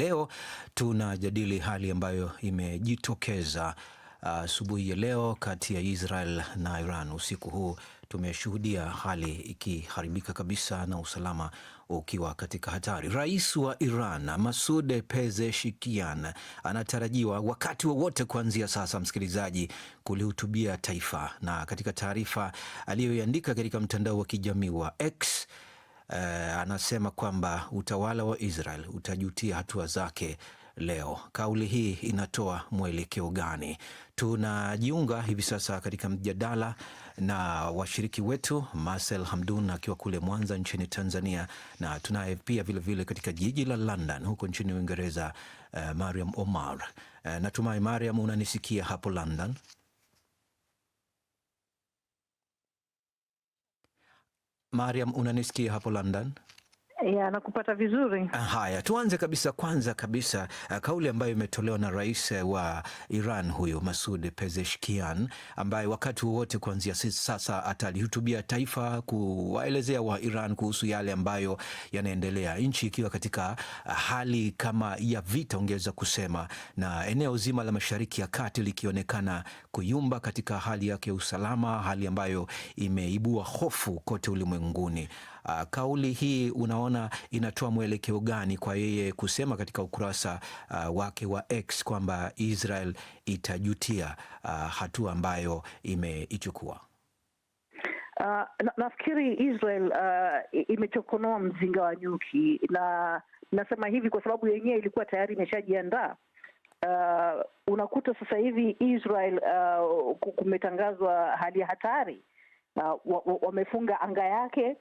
leo tunajadili hali ambayo imejitokeza uh, asubuhi uh, ya leo kati ya Israel na Iran. Usiku huu tumeshuhudia hali ikiharibika kabisa na usalama ukiwa katika hatari. Rais wa Iran Masud Pezeshkian anatarajiwa wakati wowote wa kuanzia sasa, msikilizaji, kulihutubia taifa, na katika taarifa aliyoiandika katika mtandao wa kijamii wa X uh, anasema kwamba utawala wa Israel utajutia hatua zake leo. Kauli hii inatoa mwelekeo gani? Tunajiunga hivi sasa katika mjadala na washiriki wetu Marcel Hamdun akiwa kule Mwanza nchini Tanzania, na tunaye pia vilevile vile katika jiji la London huko nchini Uingereza, uh, Mariam Omar. Uh, natumai Mariam unanisikia hapo London? Mariam Unaniski hapo London. ya eh, nakupata vizuri. Haya, tuanze kabisa, kwanza kabisa eh, kauli ambayo imetolewa na rais eh, wa Iran huyu Masud Pezeshkian, ambaye wakati wowote kuanzia sasa atalihutubia taifa kuwaelezea wa Iran kuhusu yale ambayo yanaendelea, nchi ikiwa katika hali kama ya vita, ongeza kusema, na eneo zima la Mashariki ya Kati likionekana kuyumba katika hali yake ya usalama, hali ambayo imeibua hofu kote ulimwenguni. Uh, kauli hii unaona inatoa mwelekeo gani kwa yeye kusema katika ukurasa uh, wake wa X kwamba Israel itajutia uh, hatua ambayo imeichukua? Uh, na, nafikiri Israel uh, imechokonoa mzinga wa nyuki, na nasema hivi kwa sababu yenyewe ilikuwa tayari imeshajiandaa. Uh, unakuta sasa hivi Israel uh, kumetangazwa hali ya hatari uh, wamefunga anga yake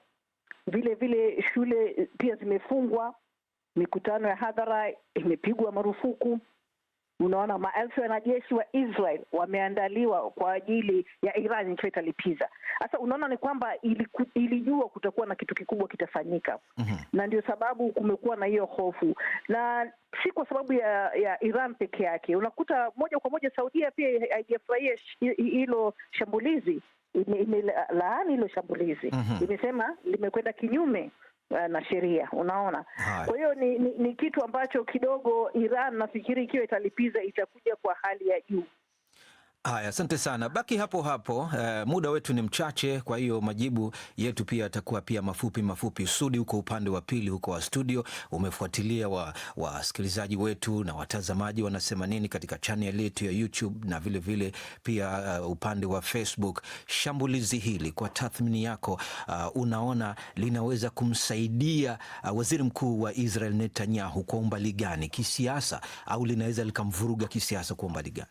vile vile shule pia zimefungwa, mikutano ya hadhara imepigwa marufuku. Unaona, maelfu ya wanajeshi wa Israel wameandaliwa kwa ajili ya Iran italipiza. Sasa unaona ni kwamba iliku, ilijua kutakuwa na kitu kikubwa kitafanyika. mm -hmm. Na ndio sababu kumekuwa na hiyo hofu, na si kwa sababu ya, ya Iran peke yake. Unakuta moja kwa moja Saudia pia haijafurahia hilo shambulizi imelaani hilo shambulizi mm -hmm. Imesema limekwenda kinyume eh, na sheria unaona. Kwa hiyo ni, ni, ni kitu ambacho kidogo Iran nafikiri ikiwa italipiza itakuja kwa hali ya juu. Haya, asante sana. Baki hapo hapo, Uh, muda wetu ni mchache, kwa hiyo majibu yetu pia yatakuwa pia mafupi mafupi. Sudi huko upande wa pili huko wa studio, umefuatilia wasikilizaji wa wetu na watazamaji wanasema nini katika channel yetu ya YouTube na vile vile pia uh, upande wa Facebook. Shambulizi hili kwa tathmini yako, uh, unaona linaweza kumsaidia uh, waziri mkuu wa Israel Netanyahu kwa umbali gani kisiasa, au linaweza likamvuruga kisiasa kwa umbali gani?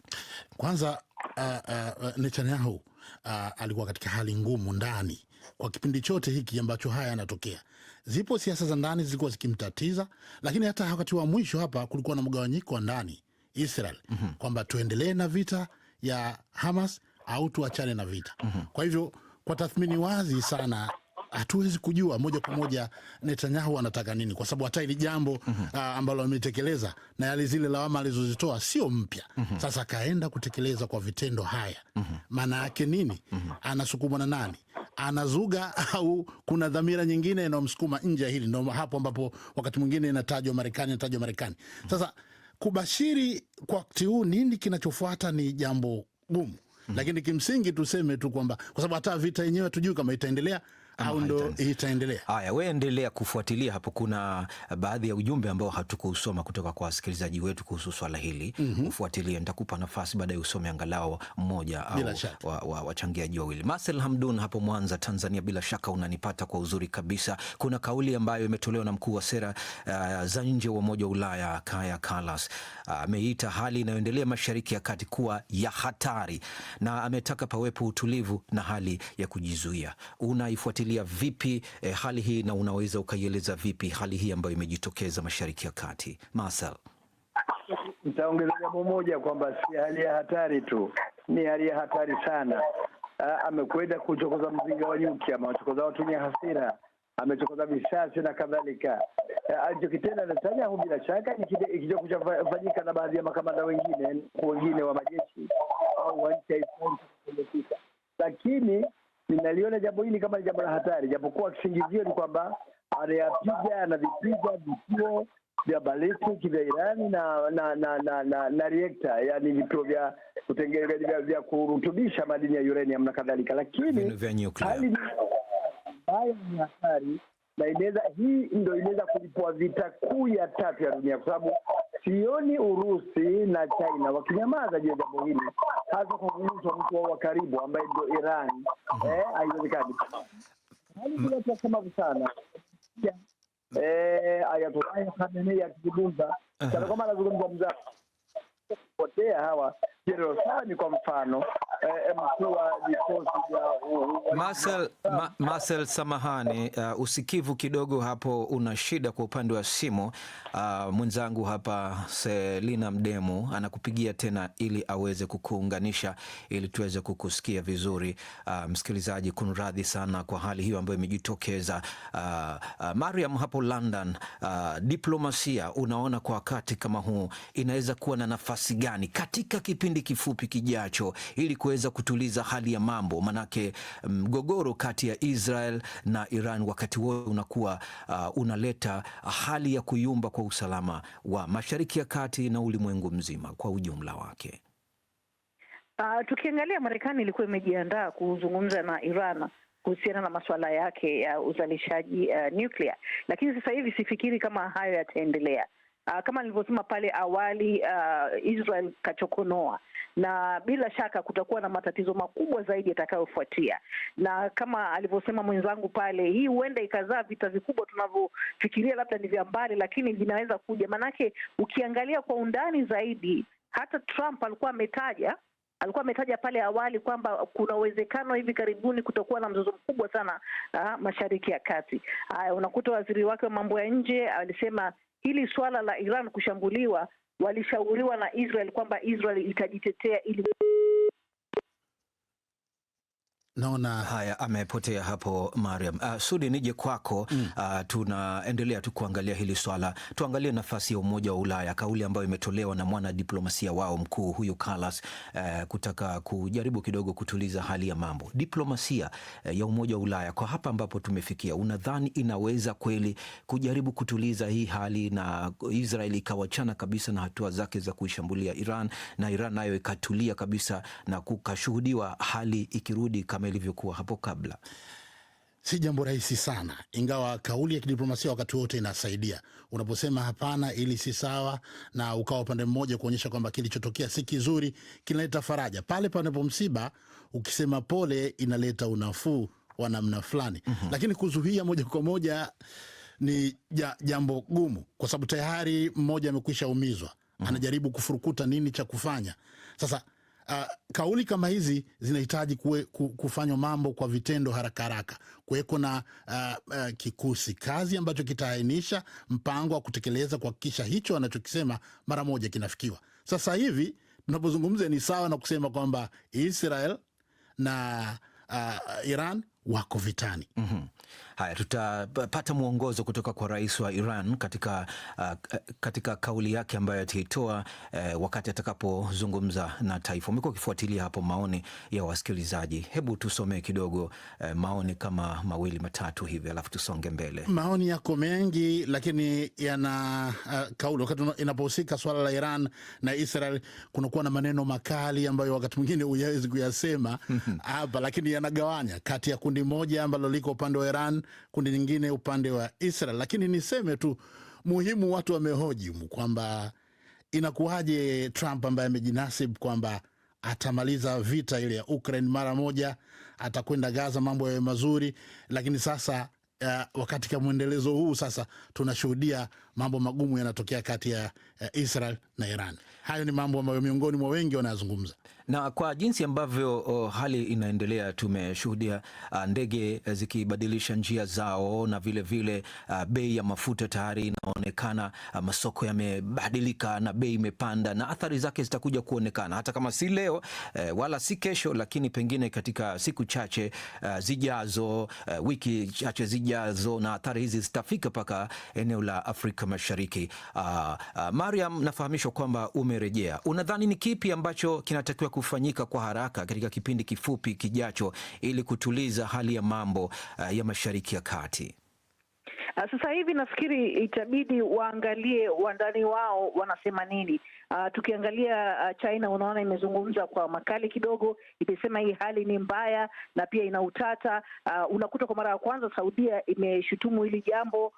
Kwanza uh, uh, Netanyahu uh, alikuwa katika hali ngumu ndani kwa kipindi chote hiki ambacho haya yanatokea. Zipo siasa za ndani zilikuwa zikimtatiza, lakini hata wakati wa mwisho hapa kulikuwa na mgawanyiko wa ndani Israel mm -hmm. kwamba tuendelee na vita ya Hamas au tuachane na vita mm -hmm. kwa hivyo kwa tathmini wazi sana hatuwezi kujua moja kwa moja Netanyahu anataka nini, kwa sababu hata ili jambo mm -hmm. uh, ambalo ametekeleza na yale zile lawama alizozitoa sio mpya mm -hmm. Sasa akaenda kutekeleza kwa vitendo haya mm -hmm. maana yake nini? mm -hmm. anasukumwa na nani? anazuga au kuna dhamira nyingine inayomsukuma nje ya hili? Ndo hapo ambapo wakati mwingine inatajwa Marekani, inatajwa Marekani. Mhm. Sasa kubashiri kwa wakati huu nini kinachofuata ni jambo gumu. Mm -hmm. Lakini kimsingi tuseme tu kwamba kwa sababu hata vita yenyewe tujui kama itaendelea au ndo itaendelea? Haya, wewe endelea kufuatilia hapo. Kuna baadhi ya ujumbe ambao hatukusoma kutoka kwa wasikilizaji wetu kuhusu swala hili mm -hmm. Ufuatilie, nitakupa nafasi baadaye usome angalau mmoja au wachangiaji wa, wa, wawili. Marcel Hamdun hapo Mwanza, Tanzania, bila shaka unanipata kwa uzuri kabisa. Kuna kauli ambayo imetolewa na mkuu wa sera uh, za nje wa Umoja wa Ulaya Kaya Kalas uh, ameita uh, hali inayoendelea Mashariki ya Kati kuwa ya hatari na ametaka pawepo utulivu na hali ya kujizuia. Unaifuatilia unafuatilia vipi eh, hali hii na unaweza ukaieleza vipi hali hii ambayo imejitokeza Mashariki ya Kati? Masal, nitaongeza jambo moja kwamba si hali ya hatari tu, ni hali ya hatari sana. amekwenda kuchokoza mzinga wa nyuki, amewachokoza watu wenye hasira, amechokoza visasi na kadhalika. Alichokitenda Netanyahu bila shaka ikichoko chafanyika na baadhi ya makamanda wengine wengine wa majeshi au wa nchi, lakini ninaliona jambo hili kama ni jambo la hatari, japokuwa kisingizio ni kwamba anayapiga anavipiga vituo vya balistiki vya Irani na na na na, na, na reactor, yani vituo vya kutengeneza vya kurutubisha madini ya uranium na kadhalika, lakini hali haya ni hatari na inaweza hii ndo inaweza kulipua vita kuu ya tatu ya dunia, kwa sababu Sioni Urusi na China wakinyamaza juu ya jambo hili, hasa kwa kuuzwa mtu wao wa karibu ambaye ndio Iran. Mhm. Eh, haiwezekani sana. Eh, Ayatollah Khamenei akizungumza kana mhm. kwamba anazungumza mzapotea hawa Jerusani kwa mfano eh, eh, mkuu wa vikosi vya Marcel, ma, Marcel samahani, uh, usikivu kidogo hapo una shida kwa upande wa simu. Uh, mwenzangu hapa Selina Mdemu anakupigia tena ili aweze kukuunganisha ili tuweze kukusikia vizuri. Uh, msikilizaji, kunradhi sana kwa hali hiyo ambayo imejitokeza. Uh, uh, Mariam hapo London, uh, diplomasia unaona kwa wakati kama huu inaweza kuwa na nafasi gani katika kipindi kipindi kifupi kijacho ili kuweza kutuliza hali ya mambo, manake mm, mgogoro kati ya Israel na Iran wakati wote unakuwa uh, unaleta hali ya kuyumba kwa usalama wa Mashariki ya Kati na ulimwengu mzima kwa ujumla wake. Uh, tukiangalia Marekani ilikuwa imejiandaa kuzungumza na Iran kuhusiana na masuala yake ya uzalishaji uh, nuclear, lakini sasa hivi sifikiri kama hayo yataendelea. Uh, kama nilivyosema pale awali uh, Israel kachokonoa na bila shaka kutakuwa na matatizo makubwa zaidi yatakayofuatia, na kama alivyosema mwenzangu pale, hii huenda ikazaa vita vikubwa tunavyofikiria labda ni vya mbali, lakini vinaweza kuja, maanake ukiangalia kwa undani zaidi hata Trump alikuwa ametaja alikuwa ametaja pale awali kwamba kuna uwezekano hivi karibuni kutokuwa na mzozo mkubwa sana aa, ah, Mashariki ya Kati. Haya, unakuta waziri wake wa mambo ya nje alisema hili swala la Iran kushambuliwa, walishauriwa na Israel kwamba Israel itajitetea ili Naona haya amepotea hapo Mariam. Uh, Sudi, nije kwako mm. Uh, tunaendelea tu kuangalia hili swala, tuangalie nafasi ya Umoja wa Ulaya, kauli ambayo imetolewa na mwanadiplomasia wao mkuu huyu Kallas, uh, eh, kutaka kujaribu kidogo kutuliza hali ya mambo. Diplomasia uh, ya Umoja wa Ulaya kwa hapa ambapo tumefikia, unadhani inaweza kweli kujaribu kutuliza hii hali na Israel ikawachana kabisa na hatua zake za kuishambulia Iran na Iran nayo ikatulia kabisa na kukashuhudiwa hali ikirudi kama kama ilivyokuwa hapo kabla. Si jambo rahisi sana, ingawa kauli ya kidiplomasia wakati wote inasaidia. Unaposema hapana, ili si sawa, na ukawa upande mmoja kuonyesha kwamba kilichotokea si kizuri, kinaleta faraja pale panapo msiba. Ukisema pole, inaleta unafuu wa namna fulani mm -hmm. Lakini kuzuia moja kwa moja ni ja, jambo gumu, kwa sababu tayari mmoja amekwisha umizwa, mhm. anajaribu kufurukuta nini cha kufanya sasa Uh, kauli kama hizi zinahitaji kufanywa mambo kwa vitendo haraka haraka, kuweko na uh, uh, kikosi kazi ambacho kitaainisha mpango wa kutekeleza, kuhakikisha hicho anachokisema mara moja kinafikiwa. Sasa hivi tunapozungumza ni sawa na kusema kwamba Israel na uh, Iran wako vitani. mm -hmm. Haya, tutapata mwongozo kutoka kwa rais wa Iran katika, uh, katika kauli yake ambayo ataitoa uh, wakati atakapozungumza na taifa. Umekuwa ukifuatilia hapo maoni ya wasikilizaji, hebu tusomee kidogo uh, maoni kama mawili matatu hivi, alafu tusonge mbele. Maoni yako mengi, lakini yana uh, kauli wakati inapohusika swala la Iran na Israel, kunakuwa na maneno makali ambayo wakati mwingine huyawezi kuyasema mhm. hapa, lakini yanagawanya kati ya kundi kundi moja ambalo liko upande wa Iran, kundi lingine upande wa Israel. Lakini niseme tu muhimu, watu wamehoji kwamba inakuwaje Trump ambaye amejinasib kwamba atamaliza vita ile ya Ukraine mara moja, atakwenda Gaza, mambo yawe mazuri, lakini sasa Uh, wakati ka mwendelezo huu sasa tunashuhudia mambo magumu yanatokea kati ya uh, Israel na Iran. Hayo ni mambo ambayo miongoni mwa wengi wanayazungumza. Na kwa jinsi ambavyo oh, hali inaendelea, tumeshuhudia uh, ndege e, zikibadilisha njia zao na vile vile uh, bei ya mafuta tayari inaonekana, uh, masoko yamebadilika na bei imepanda, na athari zake zitakuja kuonekana hata kama si leo eh, wala si kesho, lakini pengine katika siku chache uh, zijazo, uh, wiki chache zijazo, na athari hizi zitafika mpaka eneo la Afrika Mashariki. Uh, uh, Mariam, nafahamishwa kwamba umerejea, unadhani ni kipi ambacho kinatakiwa kufanyika kwa haraka katika kipindi kifupi kijacho ili kutuliza hali ya mambo uh, ya Mashariki ya Kati? Ah, sasa hivi nafikiri itabidi waangalie wandani wao wanasema nini. Uh, tukiangalia uh, China unaona imezungumza kwa makali kidogo, imesema hii hali ni mbaya na pia ina utata. Uh, unakuta kwa mara ya kwanza Saudia imeshutumu hili jambo uh,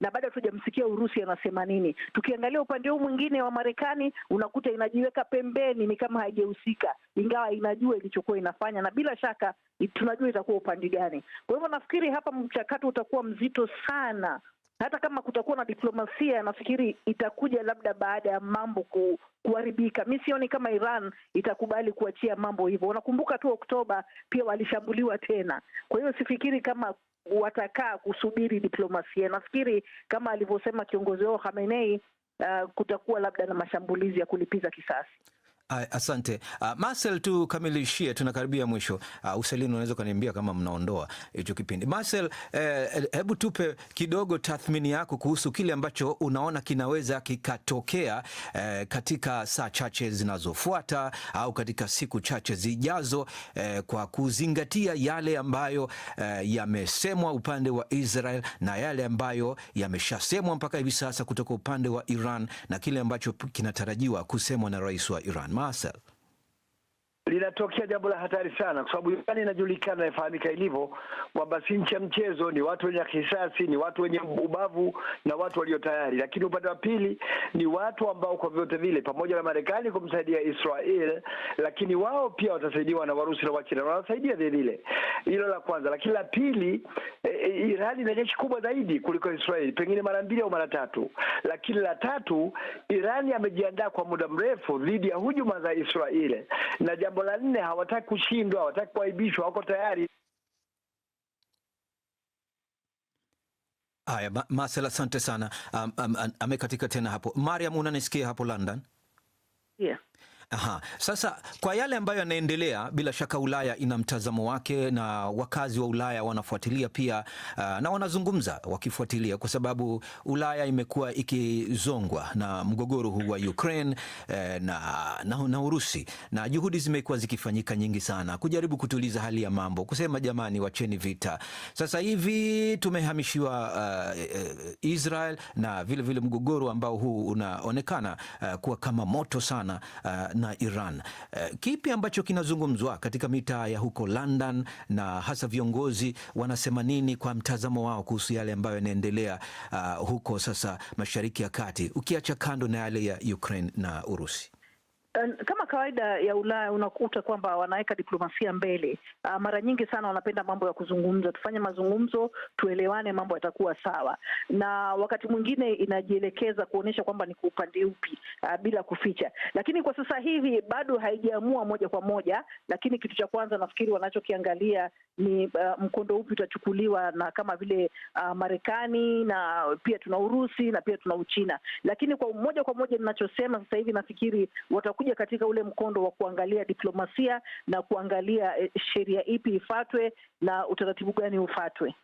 na bado hatujamsikia Urusi anasema nini. Tukiangalia upande huu mwingine wa Marekani unakuta inajiweka pembeni, ni kama haijahusika, ingawa inajua ilichokuwa inafanya na bila shaka tunajua itakuwa upande gani. Kwa hivyo nafikiri hapa mchakato utakuwa mzito sana hata kama kutakuwa na diplomasia, nafikiri itakuja labda baada ya mambo ku, kuharibika. Mi sioni kama Iran itakubali kuachia mambo hivyo. Unakumbuka tu Oktoba pia walishambuliwa tena, kwa hiyo sifikiri kama watakaa kusubiri diplomasia. Nafikiri kama alivyosema kiongozi wao hamenei uh, kutakuwa labda na mashambulizi ya kulipiza kisasi. Asante uh, Marcel, tukamilishie, tunakaribia mwisho uh, Uselini, unaweza ukaniambia kama mnaondoa hicho kipindi Marcel. Eh, hebu tupe kidogo tathmini yako kuhusu kile ambacho unaona kinaweza kikatokea eh, katika saa chache zinazofuata au katika siku chache zijazo eh, kwa kuzingatia yale ambayo eh, yamesemwa upande wa Israel na yale ambayo yameshasemwa mpaka hivi sasa kutoka upande wa Iran na kile ambacho kinatarajiwa kusemwa na rais wa Iran. myself. inatokea jambo la hatari sana, kwa sababu Irani inajulikana, inafahamika ilivyo kwamba si nchi ya mchezo, ni watu wenye kisasi, ni watu wenye ubavu na watu walio tayari. Lakini upande wa pili ni watu ambao kwa vyote vile, pamoja na Marekani kumsaidia Israel, lakini wao pia watasaidiwa na Warusi na Wachina, na wanawasaidia vile vile. Hilo la kwanza, lakini la pili, e, e, Irani ina jeshi kubwa zaidi kuliko Israel, pengine mara mbili au mara tatu. Lakini la tatu, Irani amejiandaa kwa muda mrefu dhidi ya hujuma za Israel na jambo la la nne hawataki kushindwa, hawataki kuaibishwa, wako tayari. Haya, Marcel, asante sana. Um, um, um, amekatika tena hapo. Mariam, unanisikia hapo London? Yeah. Aha. Sasa kwa yale ambayo yanaendelea, bila shaka Ulaya ina mtazamo wake na wakazi wa Ulaya wanafuatilia pia uh, na wanazungumza wakifuatilia, kwa sababu Ulaya imekuwa ikizongwa na mgogoro huu wa Ukraine eh, na, na, na Urusi, na juhudi zimekuwa zikifanyika nyingi sana kujaribu kutuliza hali ya mambo, kusema jamani, wacheni vita. Sasa hivi tumehamishiwa uh, Israel na vilevile vile mgogoro ambao huu unaonekana uh, kuwa kama moto sana uh, na Iran. Eh, kipi ambacho kinazungumzwa katika mitaa ya huko London na hasa viongozi wanasema nini kwa mtazamo wao kuhusu yale ambayo yanaendelea uh, huko sasa Mashariki ya Kati, ukiacha kando na yale ya Ukraine na Urusi? Kama kawaida ya Ulaya unakuta kwamba wanaweka diplomasia mbele. Uh, mara nyingi sana wanapenda mambo ya kuzungumza, tufanye mazungumzo, tuelewane, mambo yatakuwa sawa, na wakati mwingine inajielekeza kuonyesha kwamba ni kwa upande upi, uh, bila kuficha. Lakini kwa sasa hivi bado haijaamua moja kwa moja, lakini kitu cha kwanza nafikiri wanachokiangalia ni uh, mkondo upi utachukuliwa na kama vile uh, Marekani na pia tuna Urusi na pia tuna Uchina, lakini kwa moja kwa moja ninachosema sasa hivi nafikiri watakuja tunakuja katika ule mkondo wa kuangalia diplomasia na kuangalia eh, sheria ipi ifatwe na utaratibu gani ufatwe.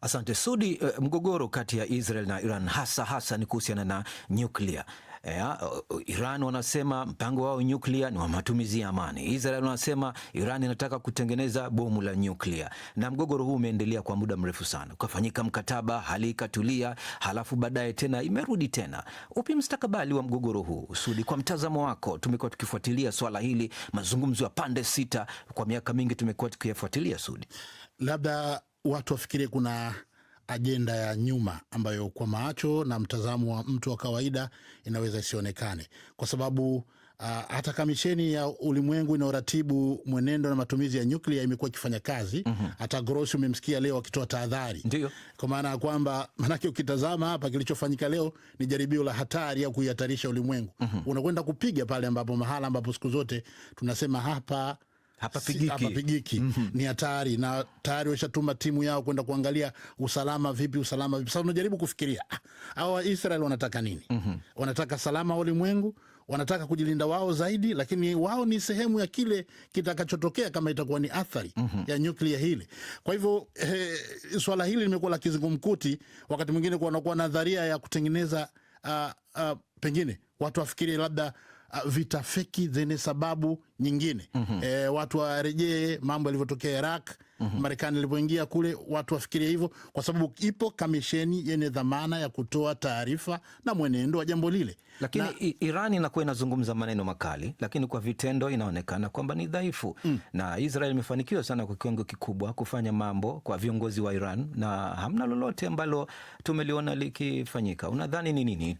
Asante Sudi. Eh, mgogoro kati ya Israel na Iran hasa hasa ni kuhusiana na nyuklia eh, ah, Iran wanasema mpango wao nyuklia ni wa matumizi ya amani. Israel wanasema Iran inataka kutengeneza bomu la nyuklia, na mgogoro huu umeendelea kwa muda mrefu sana. Ukafanyika mkataba, hali ikatulia, halafu baadaye tena imerudi tena. Upi mstakabali wa mgogoro huu Sudi? Kwa mtazamo wako, tumekuwa tukifuatilia swala hili, mazungumzo ya pande sita, kwa miaka mingi tumekuwa tukiyafuatilia Sudi, labda watu wafikirie kuna ajenda ya nyuma ambayo kwa macho na mtazamo wa mtu wa kawaida inaweza isionekane, kwa sababu uh, hata kamisheni ya ulimwengu inayoratibu mwenendo na matumizi ya nyuklia imekuwa ikifanya kazi mm -hmm. Hata Grossi umemsikia leo akitoa tahadhari, kwa maana ya kwamba, maanake ukitazama hapa kilichofanyika leo ni jaribio la hatari au kuihatarisha ulimwengu mm -hmm. Unakwenda kupiga pale ambapo mahala ambapo siku zote tunasema hapa hapapigiki, hapapigiki. Mm -hmm. Ni hatari na tayari washatuma timu yao kwenda kuangalia usalama vipi, usalama vipi. Sasa unajaribu kufikiria ah, hawa Israel wanataka nini? mm -hmm. Wanataka salama wa ulimwengu wanataka kujilinda wao zaidi, lakini wao ni sehemu ya kile kitakachotokea kama itakuwa ni athari mm -hmm. ya nyuklia hili. Kwa hivyo eh, swala hili limekuwa la kizungumkuti, wakati mwingine kunakuwa nadharia ya kutengeneza uh, uh, pengine watu wafikirie labda Ah, vitafiki zenye sababu nyingine mm -hmm. E, watu warejee mambo yalivyotokea Iraq mm -hmm. Marekani ilipoingia kule watu wafikirie hivyo, kwa sababu ipo kamisheni yenye dhamana ya kutoa taarifa na mwenendo wa jambo lile. Lakini na... Iran inakuwa inazungumza maneno makali, lakini kwa vitendo inaonekana kwamba ni dhaifu mm. Na Israel imefanikiwa sana kwa kiwango kikubwa kufanya mambo kwa viongozi wa Iran, na hamna lolote ambalo tumeliona likifanyika. Unadhani ni nini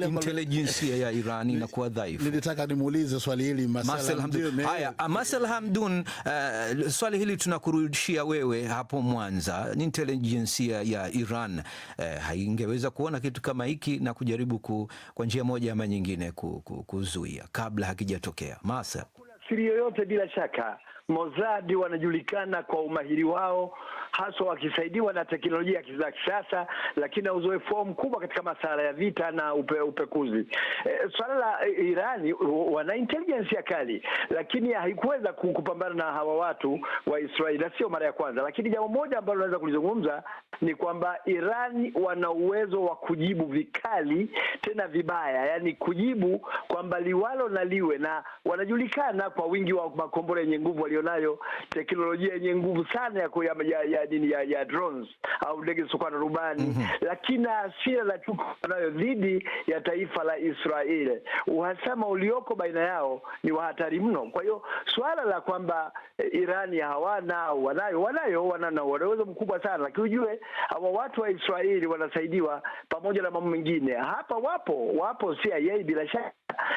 intelijensia ya Iran inakuwa dhaifu? Nilitaka nimuulize swali hili Masel Hamdun. Eh, Haya, Masel Hamdun, eh, swali hili tunakurudi kukushia wewe hapo Mwanza, intelijensia ya Iran eh, haingeweza kuona kitu kama hiki na kujaribu ku, kwa njia moja ama nyingine ku, ku, kuzuia kabla hakijatokea masa siri yoyote. Bila shaka Mozadi wanajulikana kwa umahiri wao haswa wakisaidiwa na teknolojia za kisasa, lakini na uzoefu wao mkubwa katika masuala ya vita na upe, upekuzi. E, swala la eh, Irani wana intelligence ya kali, lakini haikuweza kupambana na hawa watu wa Israeli, na sio mara ya kwanza. Lakini jambo moja ambalo naweza kulizungumza ni kwamba Irani wana uwezo wa kujibu vikali tena vibaya, yani kujibu kwamba liwalo na liwe, na wanajulikana kwa wingi wa makombora yenye nguvu walionayo, teknolojia yenye nguvu sana ya, ya, ya ya nini ya, ya drones au ndege zisizokuwa na rubani mm -hmm. Lakini hasira na chuki wanayo dhidi ya taifa la Israeli, uhasama ulioko baina yao ni wa hatari mno. Kwa hiyo suala la kwamba eh, Irani hawana au wanayo, wanayo wana uwezo mkubwa sana, lakini ujue hawa watu wa Israeli wanasaidiwa pamoja na mambo mengine hapa, wapo wapo CIA bila shaka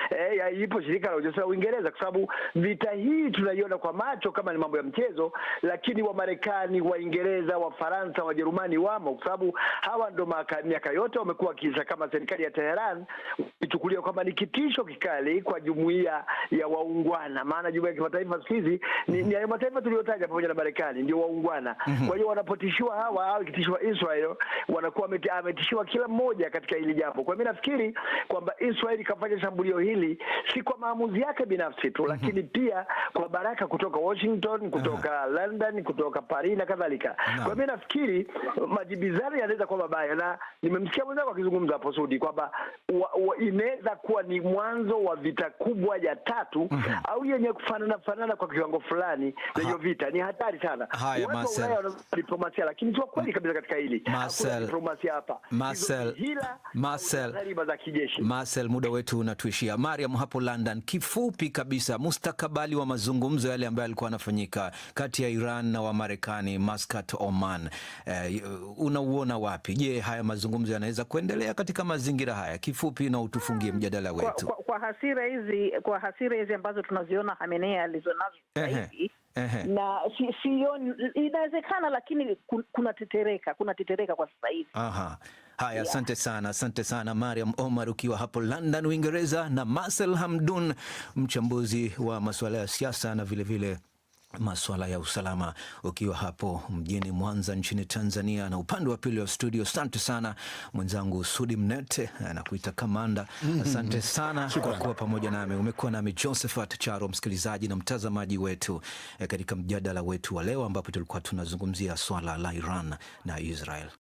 Hey, eh, ipo shirika la ujasusi la Uingereza kwa sababu vita hii tunaiona kwa macho kama ni mambo ya mchezo, lakini Wamarekani, Waingereza, Wafaransa, Wajerumani wamo, kwa sababu hawa ndo miaka yote wamekuwa wakiisha kama serikali ya Teheran ichukuliwa kwamba ni kitisho kikali kwa jumuiya ya waungwana, maana jumuiya ya kimataifa siku hizi ni, ni hayo mataifa tuliyotaja pamoja na Marekani ndio waungwana. Mhm. Kwa hiyo wanapotishiwa hawa au ikitishiwa Israel wanakuwa ametishiwa kila mmoja katika hili jambo. Kwa mimi nafikiri kwamba Israel kafanya shambulio shambulio hili si kwa maamuzi yake binafsi tu, lakini mhm. pia kwa baraka kutoka Washington, kutoka uh -huh. London, kutoka Paris na kadhalika. Kwa mimi nafikiri uh, majibizano yanaweza kuwa mabaya, na nimemsikia mwenzangu akizungumza hapo Sudi kwamba inaweza kuwa ni mwanzo wa vita kubwa ya tatu uh mhm. -huh. au yenye kufanana fanana kwa kiwango fulani. Na hiyo vita ni hatari sana. Haya, Marcel, diplomasia, lakini sio kweli kabisa katika hili. Marcel, diplomasia hapa, Marcel, Marcel, muda wetu unatuisha kumrudishia. Mariam hapo London, kifupi kabisa, mustakabali wa mazungumzo yale ambayo yalikuwa yanafanyika kati ya Iran na Wamarekani Muscat, Oman, eh, unauona wapi? Je, haya mazungumzo yanaweza kuendelea katika mazingira haya? Kifupi na utufungie mjadala wetu kwa, kwa, kwa hasira hizi kwa hasira hizi ambazo tunaziona Hamenei alizonazo sasa hivi na sioni inawezekana, lakini kunatetereka, kunatetereka kwa sasa hivi. Aha. Haya, asante yeah, sana asante sana Mariam Omar ukiwa hapo London, Uingereza, na Marcel Hamdun, mchambuzi wa masuala ya siasa na vilevile vile masuala ya usalama ukiwa hapo mjini Mwanza nchini Tanzania. Na upande wa pili wa studio, asante sana mwenzangu Sudi Mnete, anakuita kamanda. Mm-hmm. Asante sana kwa kuwa pamoja nami. Umekuwa nami Josephat Charo, msikilizaji na mtazamaji wetu eh, katika mjadala wetu wa leo, ambapo tulikuwa tunazungumzia swala la Iran na Israel.